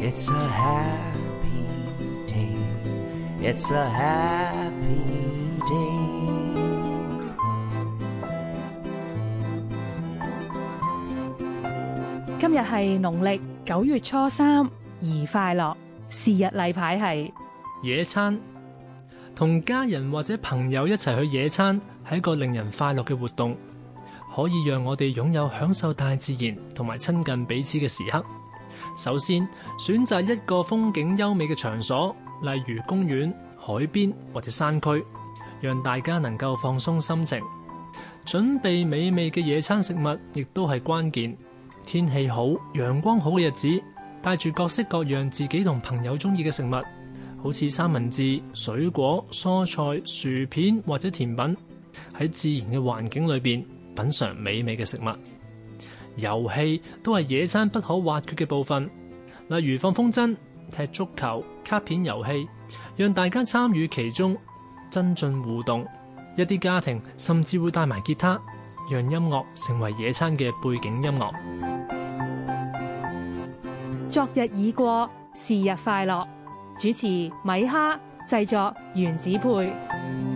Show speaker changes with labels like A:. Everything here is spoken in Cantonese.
A: It's a happy day. It's a happy day. 今，
B: 今日係農曆
C: 九月初三，宜快樂。日是日例牌係
A: 野餐，同家人或者朋友一齊去野餐，係一個令人快樂嘅活動，可以讓我哋擁有享受大自然同埋親近彼此嘅時刻。首先，選擇一個風景優美嘅場所，例如公園、海邊或者山區，讓大家能夠放鬆心情。準備美味嘅野餐食物亦都係關鍵。天氣好、陽光好嘅日子，帶住各式各樣自己同朋友中意嘅食物，好似三文治、水果、蔬菜、薯片或者甜品，喺自然嘅環境裏邊品嘗美味嘅食物。遊戲都係野餐不可或缺嘅部分，例如放風箏、踢足球、卡片遊戲，讓大家參與其中，增進互動。一啲家庭甚至會帶埋吉他，讓音樂成為野餐嘅背景音樂。
B: 昨日已過，是日快樂。主持米哈，製作原子配。